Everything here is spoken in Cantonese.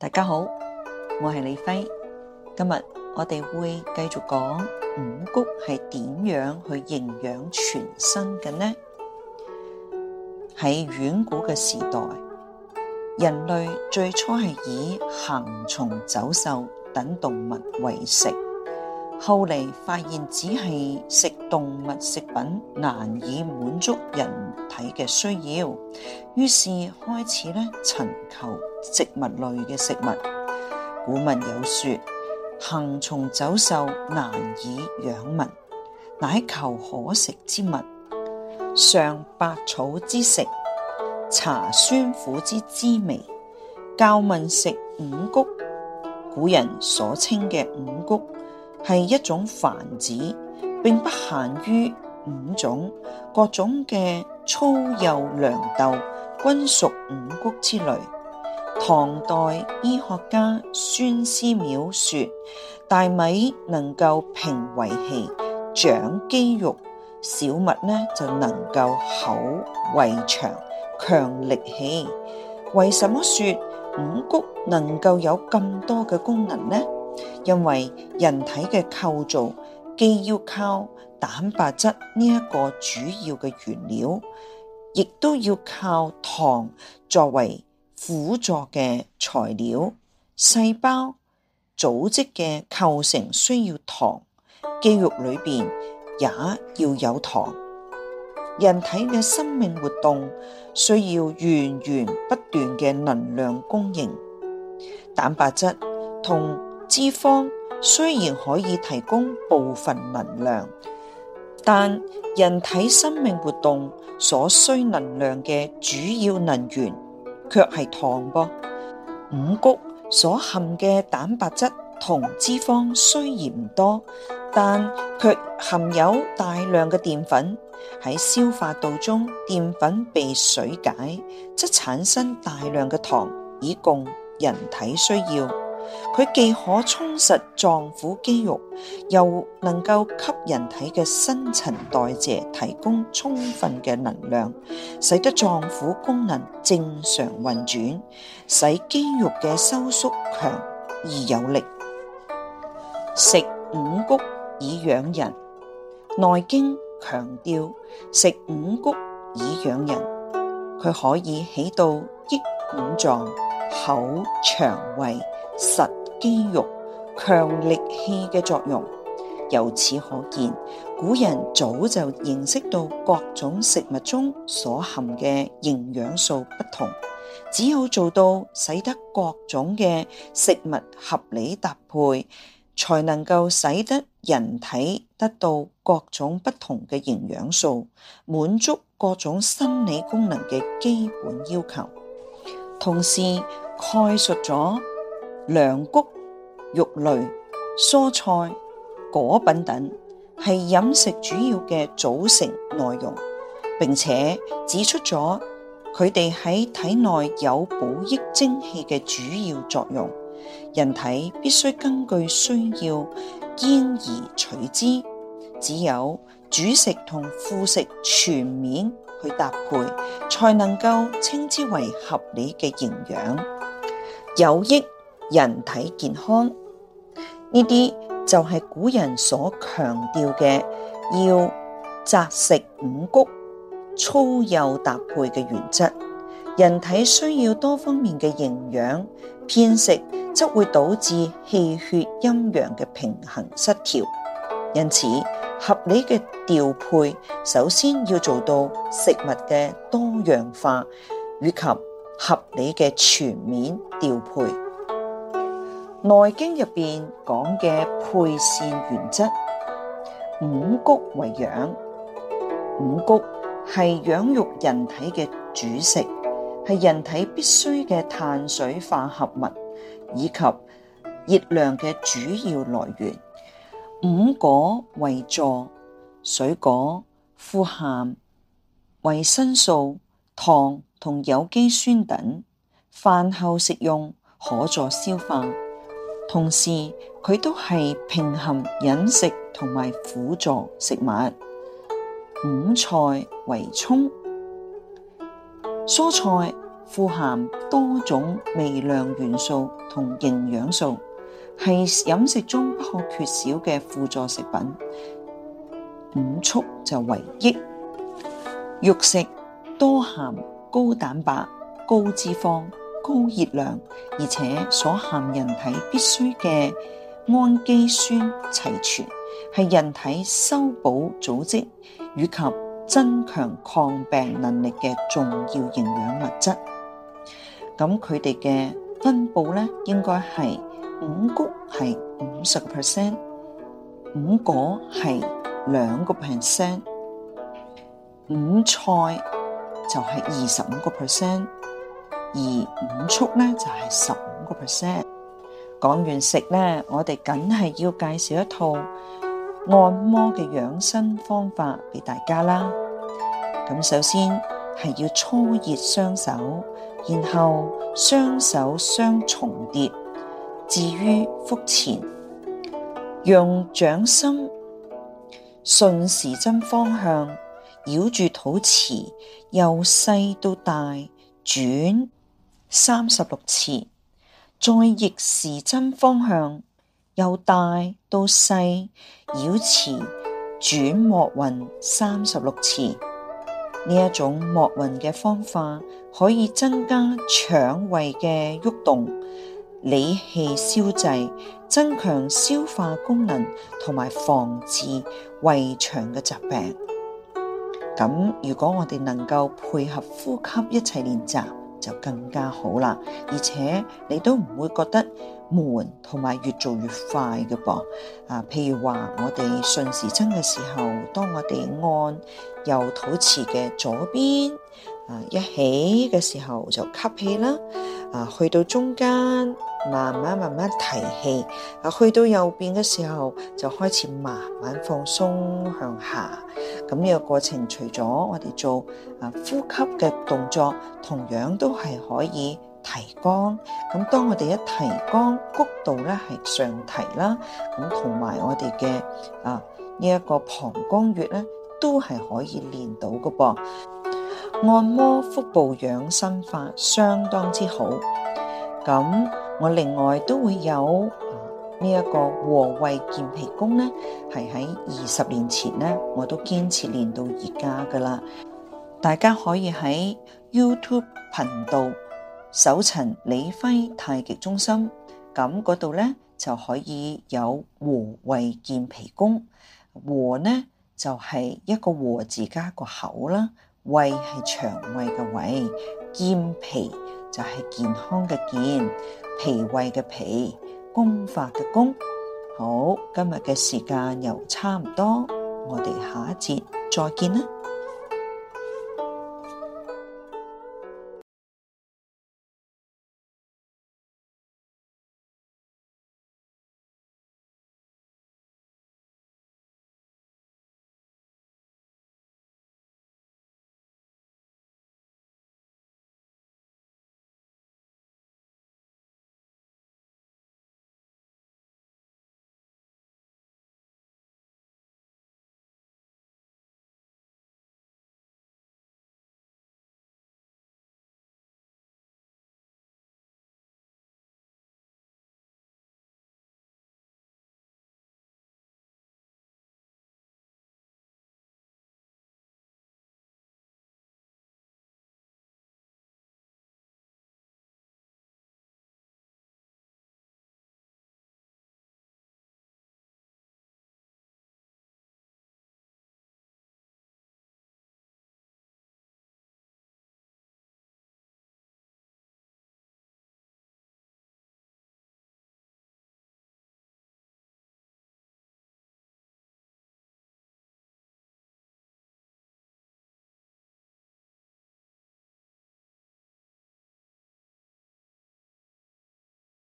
大家好，我係李輝。今日我哋會繼續講五穀係點樣去營養全身嘅呢？喺遠古嘅時代，人類最初係以行蟲走獸等動物為食，後嚟發現只係食動物食品難以滿足人體嘅需要，於是開始咧尋求。植物類嘅食物，古文有說，行蟲走獸難以養民，乃求可食之物，嘗百草之食，察酸苦之滋味。教民食五穀。古人所稱嘅五穀係一種泛指，並不限於五種，各種嘅粗幼糧豆均屬五穀之類。唐代醫學家孫思邈說：大米能夠平胃氣、長肌肉；小麥呢就能夠口胃腸、強力氣。為什麼說五穀能夠有咁多嘅功能呢？因為人體嘅構造既要靠蛋白質呢一個主要嘅原料，亦都要靠糖作為。輔助嘅材料、細胞、組織嘅構成需要糖，肌肉裏邊也要有糖。人體嘅生命活動需要源源不斷嘅能量供應。蛋白質同脂肪雖然可以提供部分能量，但人體生命活動所需能量嘅主要能源。卻係糖噃，五穀所含嘅蛋白質同脂肪雖然唔多，但卻含有大量嘅澱粉。喺消化道中，澱粉被水解，則產生大量嘅糖，以供人體需要。佢既可充實臟腑肌肉，又能夠給人體嘅新陳代謝提供充分嘅能量，使得臟腑功能正常運轉，使肌肉嘅收縮強而有力。食五穀以養人，《內經》強調食五穀以養人，佢可以起到益五臟、口、腸胃、實肌肉、強力氣嘅作用，由此可見，古人早就認識到各種食物中所含嘅營養素不同，只有做到使得各種嘅食物合理搭配，才能夠使得人體得到各種不同嘅營養素，滿足各種生理功能嘅基本要求，同時概述咗。糧穀、肉類、蔬菜、果品等係飲食主要嘅組成內容，並且指出咗佢哋喺體內有補益精氣嘅主要作用。人體必須根據需要兼而取之，只有主食同副食全面去搭配，才能夠稱之為合理嘅營養，有益。人體健康，呢啲就係古人所強調嘅要雜食五穀粗幼搭配嘅原則。人體需要多方面嘅營養，偏食則會導致氣血陰陽嘅平衡失調。因此，合理嘅調配，首先要做到食物嘅多樣化以及合理嘅全面調配。《內經》入邊講嘅配膳原則，五谷為養，五谷係養育人體嘅主食，係人體必須嘅碳水化合物以及熱量嘅主要來源。五果為助，水果富含維生素、糖同有機酸等，飯後食用可助消化。同時，佢都係平衡飲食同埋輔助食物。五菜為充，蔬菜富含多種微量元素同營養素，係飲食中不可缺少嘅輔助食品。五畜就為益，肉食多含高蛋白、高脂肪。高熱量，而且所含人體必需嘅氨基酸齊全，係人體修補組織以及增強抗病能力嘅重要營養物質。咁佢哋嘅分布咧，應該係五穀係五十個 percent，五果係兩個 percent，五菜就係二十五個 percent。而五穀咧就係十五個 percent。講完食咧，我哋梗係要介紹一套按摩嘅養生方法俾大家啦。咁首先係要搓熱雙手，然後雙手相重疊，置於腹前，用掌心順時針方向繞住肚臍，由細到大轉。轉三十六次，再逆時針方向由大到細繞臍轉莫云三十六次，呢一種莫云嘅方法可以增加腸胃嘅喐動，理氣消滯，增強消化功能，同埋防治胃腸嘅疾病。咁如果我哋能夠配合呼吸一齊練習。就更加好啦，而且你都唔會覺得悶，同埋越做越快嘅噃。啊，譬如話我哋順時針嘅時候，當我哋按右肚臍嘅左邊，啊一起嘅時候就吸氣啦，啊去到中間慢慢慢慢提氣，啊去到右邊嘅時候就開始慢慢放鬆向下。咁呢個過程，除咗我哋做啊呼吸嘅動作，同樣都係可以提肛。咁當我哋一提肛，谷度咧係上提啦。咁同埋我哋嘅啊呢一個膀胱穴咧，都係可以練到噶噃。按摩腹部養生法相當之好。咁我另外都會有。呢一個和胃健脾功咧，係喺二十年前咧，我都堅持練到而家噶啦。大家可以喺 YouTube 頻道搜尋李輝太極中心，咁嗰度咧就可以有和胃健脾功。和呢就係、是、一個和字加個口啦，胃係腸胃嘅胃，健脾就係健康嘅健，脾胃嘅脾。功法嘅功。好，今日嘅時間又差唔多，我哋下一節再見啦。